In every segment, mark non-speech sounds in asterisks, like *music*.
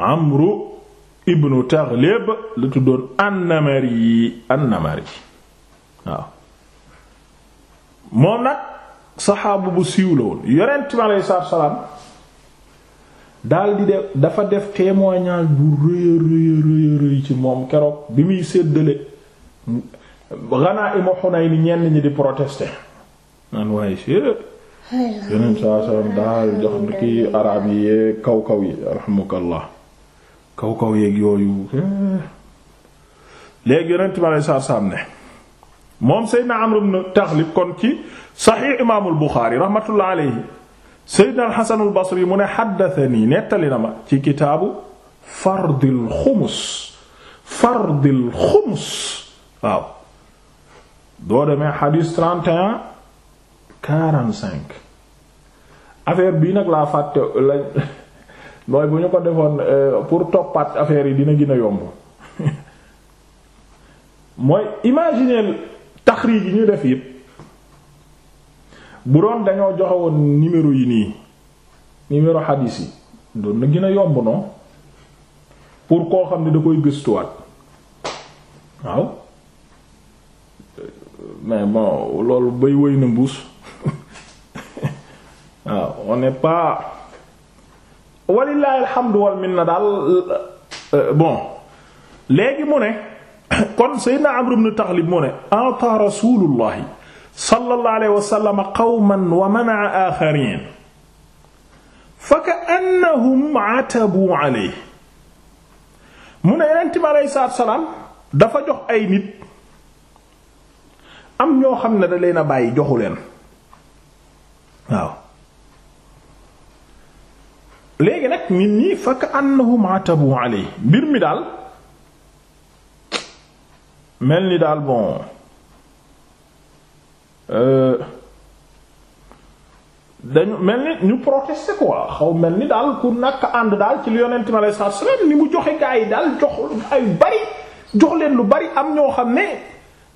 amru ibnu Taghlib la tuddoon annamari annamari waaw moom nag saxaabu bu siiw la woon yonent mi aleyhi salaatu salaam daldi dafa def témoignage bu rëy rëy rëy rëy ci moom keroog bi muy séddale ghanaa'imu Hunayn ñenn ñi di protester naan waaye yonent salaam daal jox na ki araab yi kaw kaw yi raxamukallah kaw kaw yeeg yooyu léegi yonent bi aleyhi salaatu salaam ne moom Seydina Amr ibn Taxlib kon ci saxiix imaamul Buxaari rahmatullah aleyhi Seydina al-Hasan mu ne xaddatani nettali na ma ci kitaabu fardil xumus fardil xumus waaw doo demee xadiis 31 affaire bii nag laa fàtte la looy bu ñu ko defoon euh, pour toppaat affaire yi dina gën a yomb *laughs* mooy imaginer taxriij yi ñu def yépp bu doon dañoo joxewoon woon yi nii numéro xadiis yi doon na gën a yomb non pour koo xam ne da koy gëstuwaat waaw mais bon loolu bay wëy na mbuus *laughs* waaw on n'est pas walillahi alhamdu wal minna daal euh, bon léegi mu ne *coughs* kon sayyidina Amr ibn Taghlib mu ne ata rasulullahi sallallahu alayhi wa sallam qawman wa mana'a akharin fa ka'annahum atabu alayhi mu ne yonent bi alayhi salaam dafa jox ay nit am ñoo xam ne da leen a bàyyi joxu leen léegi nag nit ñi fakk annahum atabu alay mbir mi daal mel ni daal bon euh, dañu mel ni ñu protester quoi xaw mel ni daal ku nakk ànd daal ci li yonent mi alayhi salaatu salaam ni mu joxe gaa yi daal jox ay bari jox leen lu bari am ñoo xam ne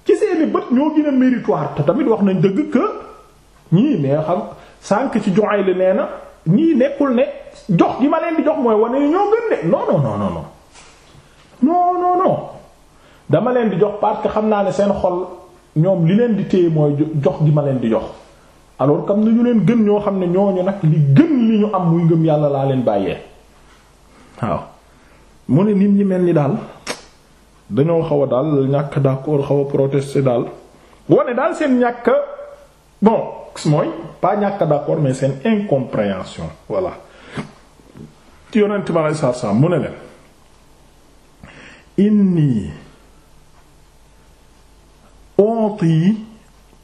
ci seeni bët ñoo gën méritoire te tamit wax nañ dëgg que ñii mais xam sànq ci joxay li nee na ñii nekkul ne jox gi ma leen di jox mooy wane ne ñoo gën de non non non non non non non non dama leen di jox parce que xam naa ne seen xol ñoom li leen di téye mooy jox gi ma leen di jox alors comme nañu leen gën ñoo xam ne ñooñu nag li gën li ñu am muy ngëm yàlla laa leen bàyyee waaw mu ne nit ñi mel ni daal dañoo xaw a daal ñàkk d'accord xaw a protester daal wane daal seen ñàkk bon mooy pas ñàkk d'accord mais seen incompréhension voilà ci yonent bi aleyhi salaatu salaam mu ne leen inni onti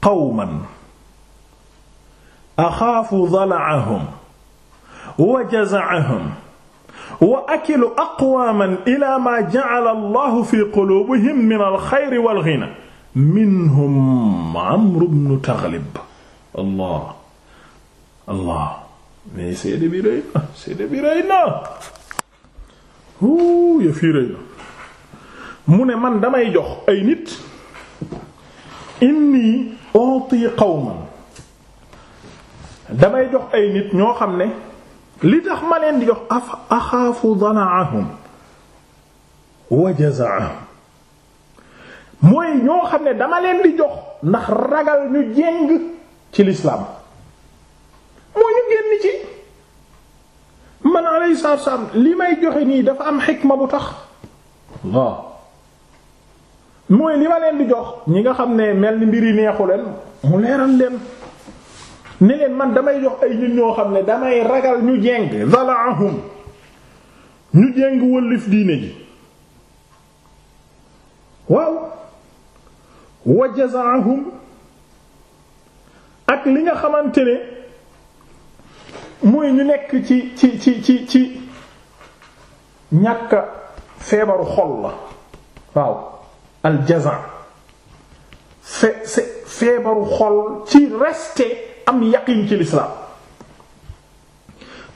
qawman axaafu dala'ahum wa jaza'ahum wa akilu aqwaaman ilaa maa ja'ala Allahu fi quluubihim min al-xayri wal-ghinaa minhum Amru bnu Taglib Allah Allah mais seede bi rëy na seede bi rëy na mu ne man damay jox ay nit inni uti qawman damay jox ay nit ñoo xam ne li tax ma leen di jox axaafu danaahum wa jazaahum mooy ñoo xam ne dama leen di jox ndax ragal ñu jéng ci lislaam alayhi salaatu li may joxe nii dafa am xikma bu tax waaw mooy li ma leen di jox ñi nga xam ne mel ni mbir yi neexu leen mu leeral leen ne man damay jox ay nit ñoo xam ne damay ragal ñu jeng zalaahum ñu jeng wëllif diine ji waaw wa jazaahum ak li nga xamante ne mooy ñu nekk ci ci ci ci ci ñàkk feebaru xol la waaw aljaza fe feebaru xol ci rester am yaqin ci lislaam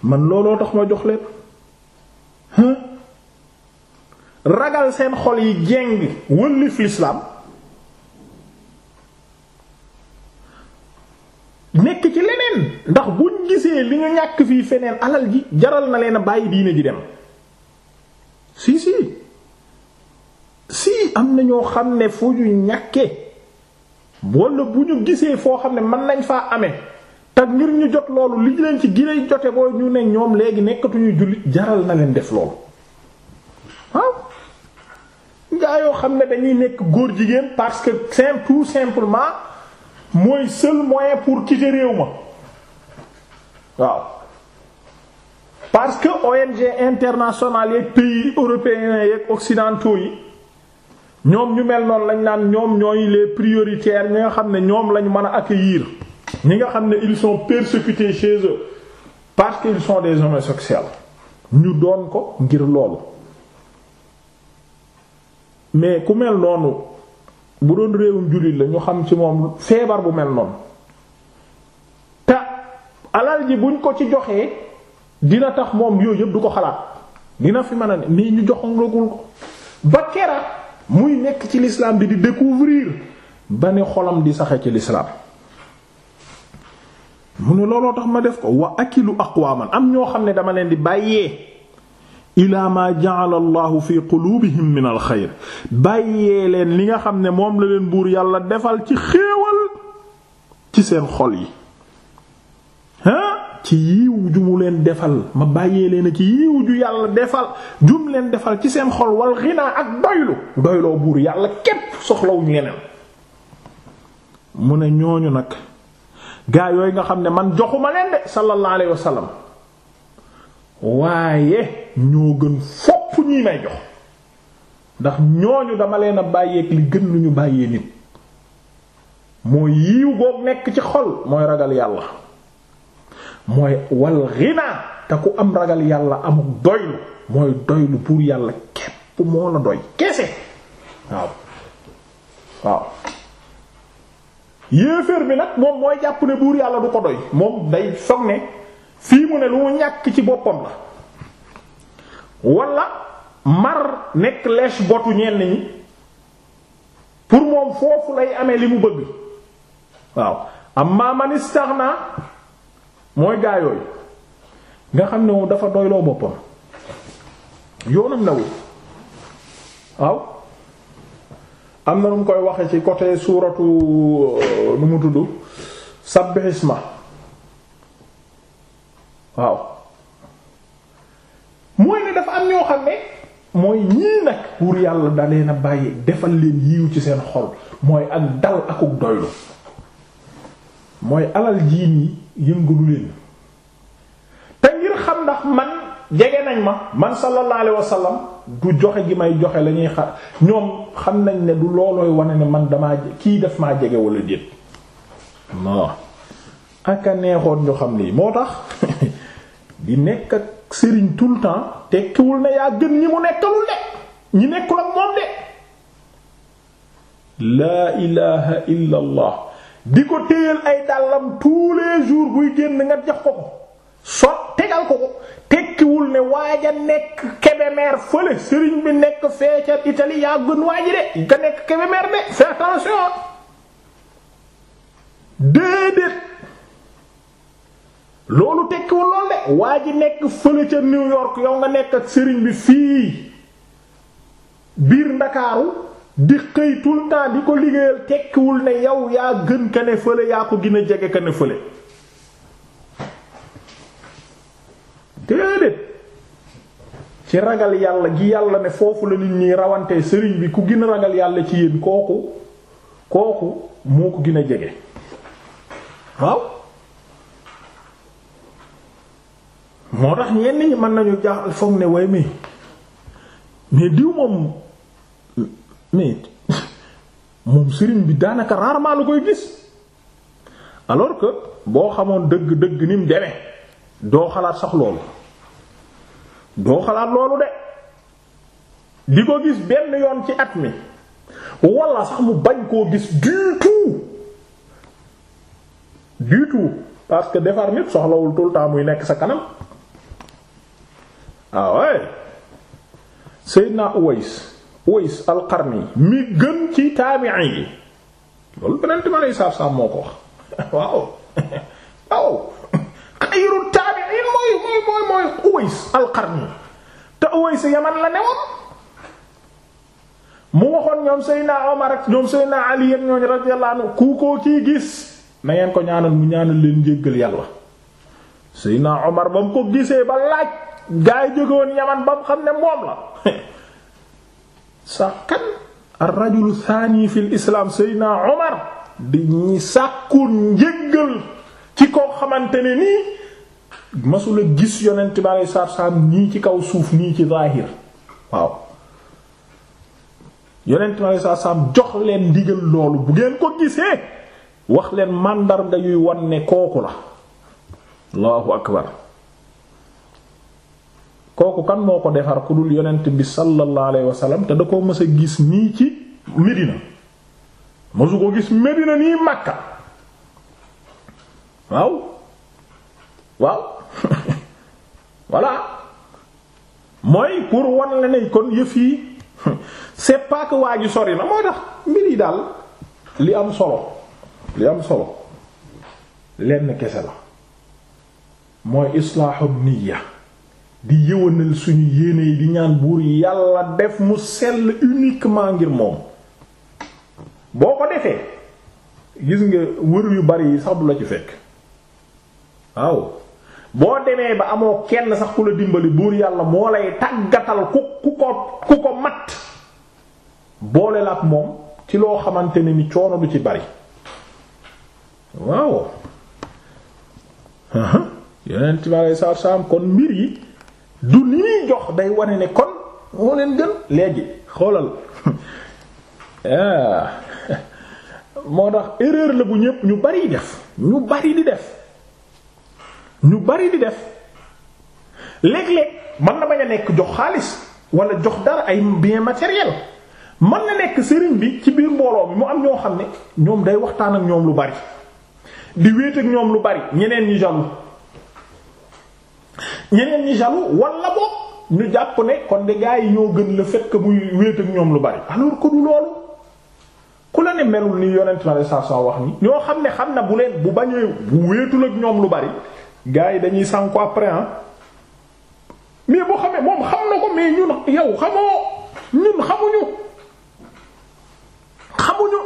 man looloo tax ma jox leen ragal seen xol yi jeng wëllif lislaam nekk ci leneen ndax bu buñ gisee li ñu ñàkk fii feneen alal ji jaral na leen a bàyyi diine ji dem sii si si am na ñoo xam ne fu ñu ñàkkee wala bu ñu gisee foo xam ne mën nañ faa amee te ngir ñu jot loolu li leen ci gilay jote boo ñu ne ñoom léegi nekkatuñu jullit jaral na leen def loolu waaw gaa yoo xam ne dañuy nekk góor jigéen parce que simple tout simplement mooy seul moyen pour quitter réew ma waaw parce que ONG internationale yeeg pays européens yeeg occidentaux yi ñoom ñu mel noonu lañ naan ñoom ñooy les prioritaires ñi nga xam ne ñoom lañ mën a accueillir ñi nga xam ne ils sont persécutés chez eux parce qu'ils sont des homosexuels ñu doon ko ngir loolu mais ku mel noonu bu doon réewum jullit la ñu xam ci moom feebar bu mel noonu alal ji buñ ko ci joxee dina tax moom yooyu yëpp du ko xalaat dina fi mën a ne nii ñu joxongagul ko ba kera muy nekk ci l'islam bi di découvrir ba ne xolam di saxe ci lislaam mu ne looloo tax ma def ko wa akilu aqwaman am ñoo xam ne dama leen di bàyyee ila ma ja'ala allahu fi qulubihim min al bàyyee leen li nga xam ne moom la leen buur yàlla defal ci xéewal ci seen xol yi ci yiiw ju mu leen defal ma bàyyee leen ci yiiw ju yàlla defal jum leen defal ci seen xol wal xinaa ak doylu doyloo buur yàlla képp soxlawuñ leneen mu ne ñooñu nag gaa yooyu nga xam ne man joxuma leen de sallallahu alayhi wa waaye ñoo gën fopp ñii may jox ndax ñooñu dama leen a bàyyeeg li gën lu ñu bàyyee nit mooy yiiw googu nekk ci xol mooy ragal yàlla mooy wal ghina te ku am ragal yàlla amul doylu mooy doylu pour yàlla képp moo la doy kese waaw waaw yéeféer bi nag moom mooy jàpp ne buur yàlla du ko doy moom day foog ne fii mu ne lu mu ñàkk ci boppam la wala mar nekk leech botu ñenn ñi pour moom foofu lay amee li mu bëgg waaw amma man istaghna mooy gaa yooyu nga xam ne moom dafa doyloo boppam yoonam nawul waaw am na nu mu koy waxe ci côté suuratu lu euh, mu tudd sabbihisma waaw mooy ne dafa am ñoo xam ne mooy ñii nag pour yàlla dalee na bàyyi defal leen yiw ci seen xol mooy ak dal akuk doylu mooy alal jii nii yëngalu leen te ngir xam ndax man jege nañ ma man sallallahu alayhi wasallam du joxe gi may joxe lañuy ñuy ñoom xam nañ ne du loolooy wane ne man damaa kii def maa jege wala déet non aka neexoon ñu xam lii moo tax *laughs* di nekk ak sëriñ tout le temps tekkiwul na yaa gën ñi mu nekkalul de ñi nekkul ak moom de laa ilaha illa di ko téyal ay dàllam tous les jours génn nga jox ko ko tegal ko tekkiwul ne waaj a nekk Kébémer fële sëriñ bi nekk fee ca Italie yaa gën waaj de nga nekk Kébémer de fais attention déedéet loolu tekkiwul lool de waa ji nekk fële ca New York yow nga nekk ak sëriñ bi fii biir Ndakaaru di xëy tout le di ko liggéeyal tekkiwul ne yow yaa gën ka ne fële yaa ko gën a jege ka ne ci ragal yàlla gi yàlla ne foofu la nit ñi rawante sëriñ bi ku gin a ragal yàlla ci yéen kooku kooku moo ko gin a jege waaw moo tax ñenn ñi mën nañu jaaxal foog ne way mi mais diw moom mais *laughs* moom sëriñ bi daanaka rarement lu koy gis alors que boo xamoon dëgg dëgg ni mu demee doo xalaat sax loolu doo xalaat loolu de di ko gis benn yoon ci at mi walla sax mu bañ koo gis du tout du tout parce que defar nit soxlawul tout le muy nekk sa kanam ah ouais naa Uwais Uwais al mi gën ci taabi'i yi loolu beneen bi ma lay moo ko wax *laughs* waaw *laughs* waaw xayru taabi'iin mooy mooy mooy mooy Uwais te Uwais Yaman la newoon mu waxoon ñoom Seydina Omar ak ñoom Seydina Ali ak ñooñu radiyallahu anhu ko ciy gis na ko ñaanal mu ñaanal leen jéggal yàlla Seydina Omar ba mu ko gisee ba laaj gaa yi jóge woon Yaman ba mu xam ne moom la. *laughs* sàkkan ar-rajulu thani fil islam Seydina Omar di ñuy sàkku njëggal ci koo xamante ni nii masula gis yonent bi alei satu salaam nii ci kaw suuf nii ci zaahir waaw yonent bi alei satu salaam jox leen ndigal loolu bu ngeen ko gisee wax leen màndarga yuy wan ne kooku la allahu akbar kooku kan moo ko defar ku dul yonent bi sallallahu alayhi wasallam te da koo mës a gis nii ci Medina mësu ko gis Medina nii Makka waaw waaw *laughs* voilà mooy pour wan la ne kon yëf yi *laughs* c'est pas que waa ji sori na moo tax mbir yi daal li am solo li am solo lenn kese la mooy islaahu niyya di yëwanal suñu yéene yi di ñaan buur yàlla def mu sell uniquement ngir moom boo ko defee gis nga wër yu bari yi sax bu la ci fekk waaw boo demee ba amoo kenn sax ku la dimbali buur yàlla moo lay tàggatal ku ku ko mat boole la ak moom ci loo xamante ne ni coono du ci bari waaw *laughs* yonent bi aleyhi salaatu wa salaam kon mbir yi du li ñuy jox day wane ne kon moo leen gën léegi xoolal ah. moo tax erreur la bu ñépp ñu bari def ñu bari di def ñu bari di def léeg-léeg mën na bañ a nekk jox xaalis wala jox dara ay bien matériel man na nekk sëriñ bi ci biir mbooloo mi mu am ñoo xam ne ñoom day waxtaan ak ñoom lu bari di wéet ak ñoom lu bari ñeneen ñi jaloux ñeneen ñi jaloux wala boog ñu jàpp ne kon de gaa yi ñoo gën la fekk muy wéet ak ñoom lu bari alors que du loolu ku la ne melul ni yonent ma sa wax ni ñoo xam ne xam na bu leen bu bañee bu wéetul ak ñoom lu bari gaa yi dañuy sànku après ah mais boo xamee moom xam na ko mais ñun yow xamoo ñun xamuñu xamuñu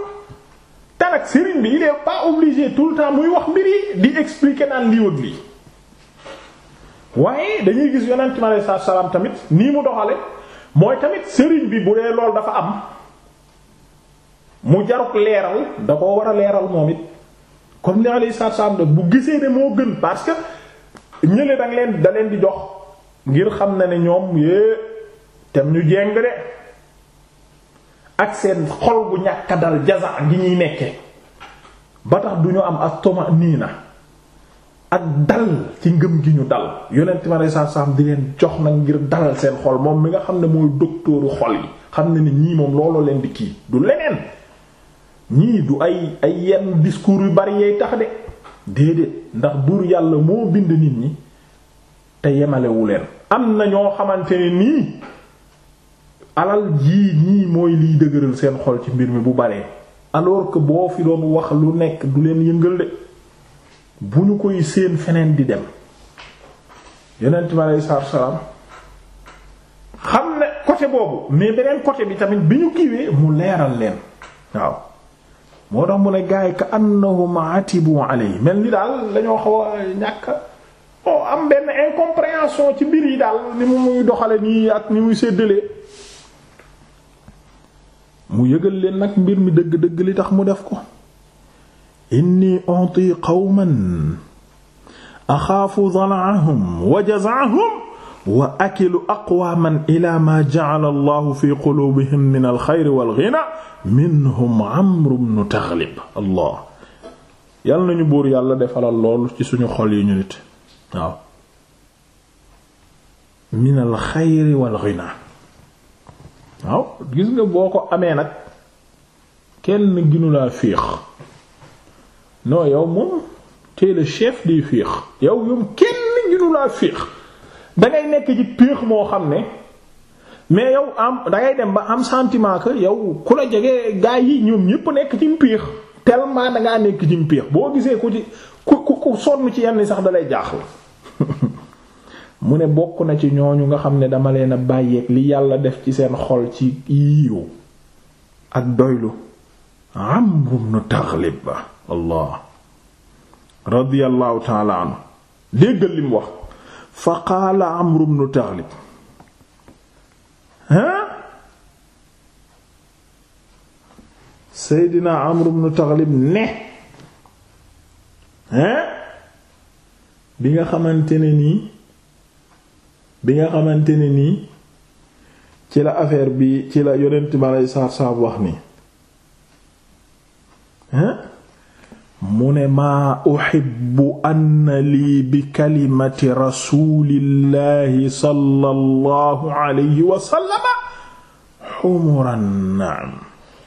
te sëriñ bi il est pas obligé tout le temps muy wax mbir yi di expliquer naan lii ak lii waaye dañuy gis yonent mi alayhi salaam tamit nii mu doxale mooy tamit sëriñ bi bu dee lool dafa am mu jaruk leeral da koo war a leeral moom it kon ni alayhi salaatu salaam bu gisee ne moo gën parce que ñële da leen da leen di jox ngir xam na ne ñoom yée tam ñu jéng de ak seen xol bu ñàkk dal jaza gi ñuy nekke ba tax du ñu am at-tuma'nina ak dal ci ngëm gi ñu dal yonent ma lay saam di leen jox nag ngir dalal seen xol moom mi nga xam ne mooy doktooru xol yi xam ne ni ñii moom looloo leen di kii du leneen ñii du ay ay yenn discours yu bari yay tax de déedéet ndax buur yàlla moo bind nit ñi te yemalewu leen am na ñoo xamante ne nii alal jii ñii mooy liy dëgëral seen xol ci mbir mi bu baree alors que boo fi doon wax lu nekk du leen yëngal de bu ñu koy seen feneen di dem yonent bi aleyhi salaam xam ne côté boobu mais beneen côté bi tamit bi ñu kiiwee mu leeral leen waaw moo tax mu ne gaay ka annahum atibu yi mel ni daal dañoo xaw a ñàkk o am benn incompréhension ci mbir yi daal ni mu muy doxale nii ak ni muy séddalee mu yëgal leen nag mbir mi dëgg-dëgg li tax mu def ko inni uti qawman axaafu dalaahum wa jazaahum wa akilu aqwaaman ila ma ja'ala allahu fi quluubihim min alxayri wal ghina minhum amru bnu taglib allah yàlla nañu buur yàlla defalal lool ci suñu xol yi ñu nit waaw min alxayri wal ghina waaw gis nga boo ko amee nag kenn ginu laa féex non yow moom tee le chef des féex yow yow kenn ginu laa dangay nekk ci piix moo xam ne mais yow am dangay dem ba am sentiment que yow ku la jege gaa yi ñoom ñépp nekk ci péex telemaan dangaa nekk ci péex boo gisee ku ci ku ku ku sonn ci yenn sax dalay jaaxal *laughs* mu ne bokk na ci ñooñu nga xam ne dama leen a bàyyeeg li yàlla def ci seen xol ci yiiw ak doylu Amr ibn Taghlib allah radiyallahu ta'ala anhu déggal li wax fa qaala Amr ibn Taghlib ha Seydina Amr ibn Taghlib ne hein bi nga xamante ne nii bi nga xamante ni nii ci la affaire bi ci la yonent ma lay saar saab wax nii mu ne maa uhibbu anna lii bi kalimati rasuulillahi sallallahu alayhi wa sallama xumuran naam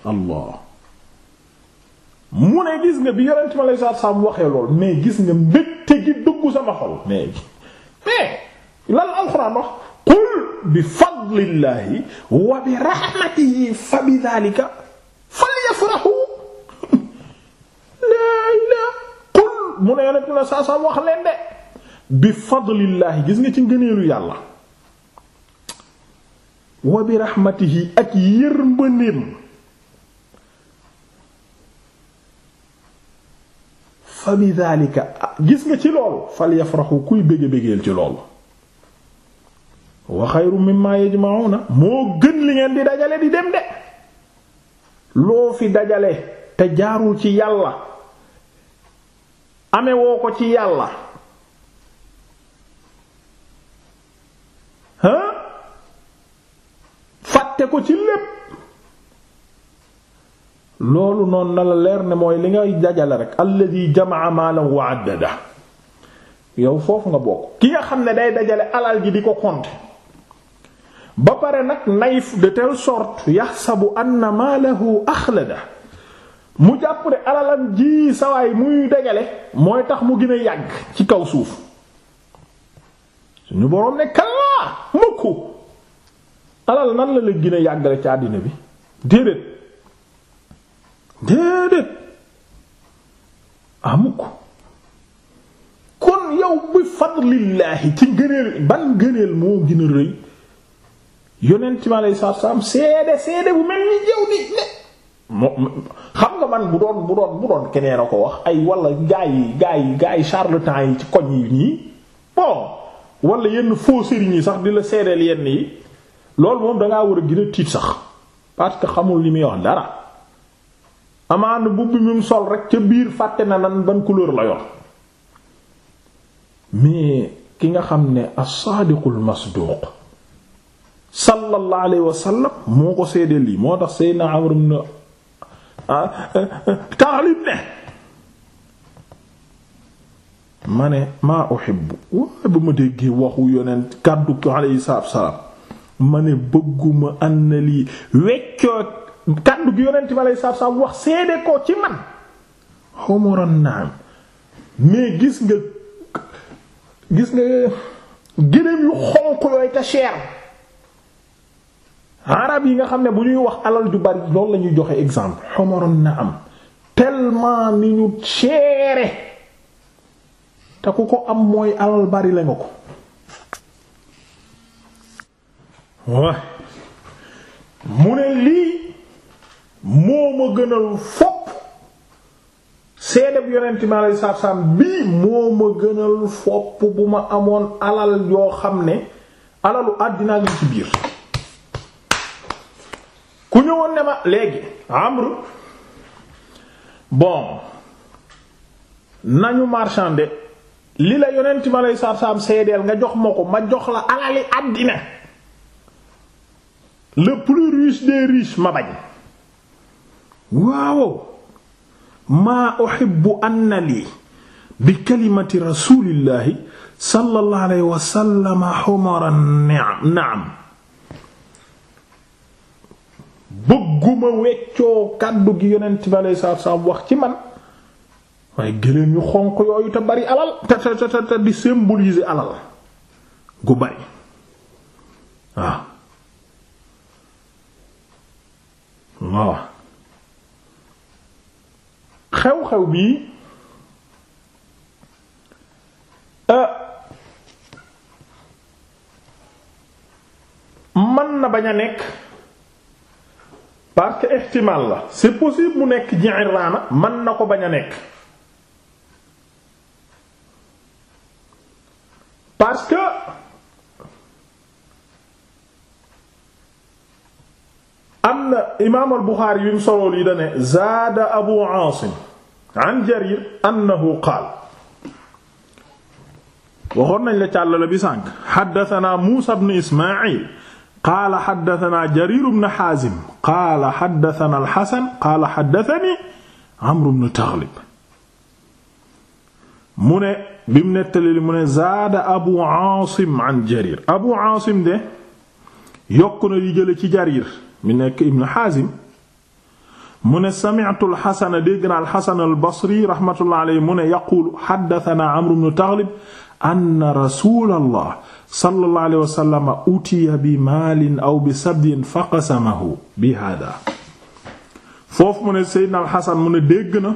allah mu ne gis nga bi yonent ma lay saa saam waxee lool mais gis nga mbégte gi dugg sama xol mais mais lan alxuraan wax qul bi fadlillahi wa bi rahmatihi fa bi daalika falyafrahu mu ne yonent na saa saa wax leen de bi gis nga ci ngëneelu yàlla wa bi raxmatihi ak yërmandeem fa bi daalika gis nga ci lool fal yafraxu kuy bége bégeel ci loolu wa xayru mimma yajma'una moo gën li ngeen di dajale di dem de loo fi dajale te jaarul ci yàlla ame woo ko ci yàlla hein fàtte ko ci lépp loolu noonu na la leer ne mooy li ngay dajale rek alladi jamaa maalan wa yow foofu nga bokk ki nga xam ne day dajale alal ji di ko compter ba pare nag nayf de telle sorte yaxsabu anna maalahu axlada mu jàpp ne alalam ji sawaay muy degale mooy tax mu gën yàgg ci kaw suuf suñu boroom ne kallaa mukk alal nan la la gën yàggale ci àddina bi déedéet déedéet ah mukk kon yow bi fadlillaahi ci ngëneel ban ngëneel moo gën rëy yonent mi aleyhi seede seede bu mel ni jëw ni xam nga man bu doon bu doon bu doon keneen a ko wax ay walla gaa yi gaa yi gaa yi charlatan yi ci koñ yi nii bon wala yenn faux sëriñ yi sax di la seedeel yenn yi loolu moom dangaa war a gën tiit sax parce que xamul yi muy wax dara amaana bu mi mu sol rek ca biir fàtte na nan ban couleur la yor mais ki nga xam ne as-sadiqul masduq sallallahu alayhi wa sallam moo ko seedeel lii moo tax Seydina Amr ibn ah eh, eh, eh, taalib ne ma ne maa uhibbu waaye ba ma déggee waxu yonent kàddu ko alayhi salaatu salaam ma ne bëgguma ànd na lii weccoo kàddu gi yonent bi wax seede ko ci man xumuran naam mais gis nga gis nga gëléem yu xonq yooyu te cher arab yi nga xam ne bu ñuy wax alal ju bari loolu la ñuy joxe exemple xomaron na am tellement ni ñu ceere te ku ko am mooy alal bari la nga ko waa mu ne lii moo ma gënal fopp seedeb yonent mi aleyhi salaatu salaam bii moo ma gënal fopp bu ma amoon alal yoo xam ne alalu àddina li ci biir ku ñëwoon ne ma léegi Amr bon nañu marchander li la yonent ma lay sarsam seedeel nga jox ma ko ma jox la alali àddina le plus riche des riches ma bañ waaw maa uhibbu anna lii bi kalimati rasulillahi sallallahu alayhi wa sallam humara na'am bëgguma weccoo kàddu gi yonent bi alayhi salaatu wax ci man waaye gëléem yu xonq yooyu te bari alal te te te te di symboliser alal gu bari waaw waaw xew-xew bii euh, man na bañ a nekk que ihtimal possible mu nekk Ji'irraana man na ko bañ a nekk parce que am na imaam al-Buxaari yu mu solool yi da ne zaada Abu Aasim an Jarir annahu qaala waxoon nañ la càllale bi sànq haddasanaa Muusaa ibn Ismaa'il qaala haddasanaa Jariir ibn Haazim qaala xaddatana alxasan qaala xaddatani amru bnu taxlib mu ne bi mu nettali mu ne zaada abu aasim an jarir abu aasim de yokk na li jële ci jarir mi nekk ibnu xaazim mu ne sami'tu alxasana dégg naa alxasan albasri raxmatullahi alayhi mu ne yaquulu xaddatana amru bnu taxlib anna rasulallah sallallahu alayhi wa sallam utiya bi maalin aw bi sabyin faqasamahu bi hada foofu mu ne Seydina Alxasan mu ne dégg na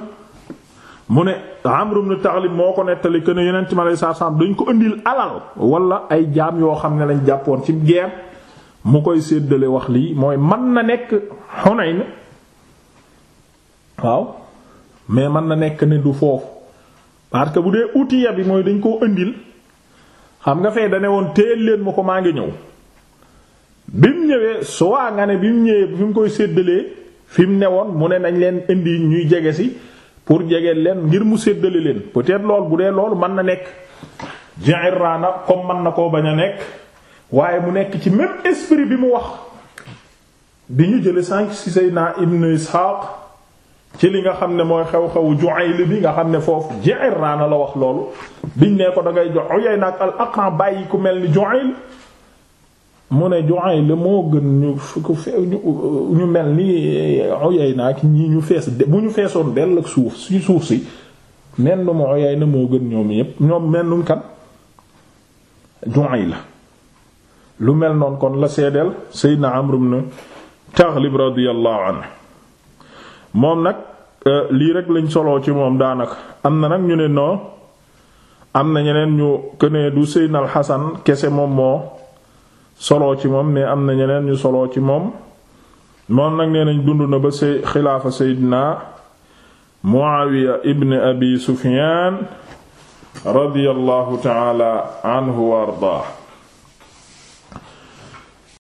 mu ne Amr ibn Taghlib moo ko nettali que ne yeneen ciment lay saabsaab dañ ko indil alal wala ay jaam yoo xam ne lañ jàppoon ci guerre mu koy séddale wax lii mooy mën na nekk Hunayn waaw mais mën na nekk ne du foofu. parce que bu dee utiya bi mooy dañ koo indil xam nga fee dane woon téel leen ma ko maa ngi ñëw bi mu ñëwee soit nga ne bi mu ñëwee fi mu koy séddalee fi mu ne woon mu ne nañ leen indi ñuy jege si pour jege leen ngir mu séddale leen peut-être lool bu dee loolu mën na nekk genre Ji'rana comme mën na koo bañ a nekk waaye mu nekk ci même esprit bi mu wax bi ñu jële sànq ci Seydina Ibn Ishaq ci li nga xam ne mooy xew-xewu Ju'ayl bi nga xam ne foofu Ji'irraana la wax loolu biñ ne ko da ngay jox Uyayna ak al-Aqra bàyyi ku mel ni Ju'ayl mu ne Ju'ayl moo gën ñu mel ni Uyayna ak ñii ñu feesoon dell suuf si suuf si mel moo gën ñoom yépp ñoom mel nu kan Ju'ayl la lu mel noon kon la seedeel Seydina Amr ibn Taghlib radiyallahu anhu moom nag euh, lii rek lañ soloo ci moom daanaka am na nag ñu ne non am na ñeneen ñu kënee du Seydina al Xasan kese moom moo soloo ci moom mais am na ñeneen ñu soloo ci moom moom nag nee nañ dund na ba say xilaafa Seydina Muawiya ibn Abi Sufyaan radiyallahu ta'ala anhu wa ardaa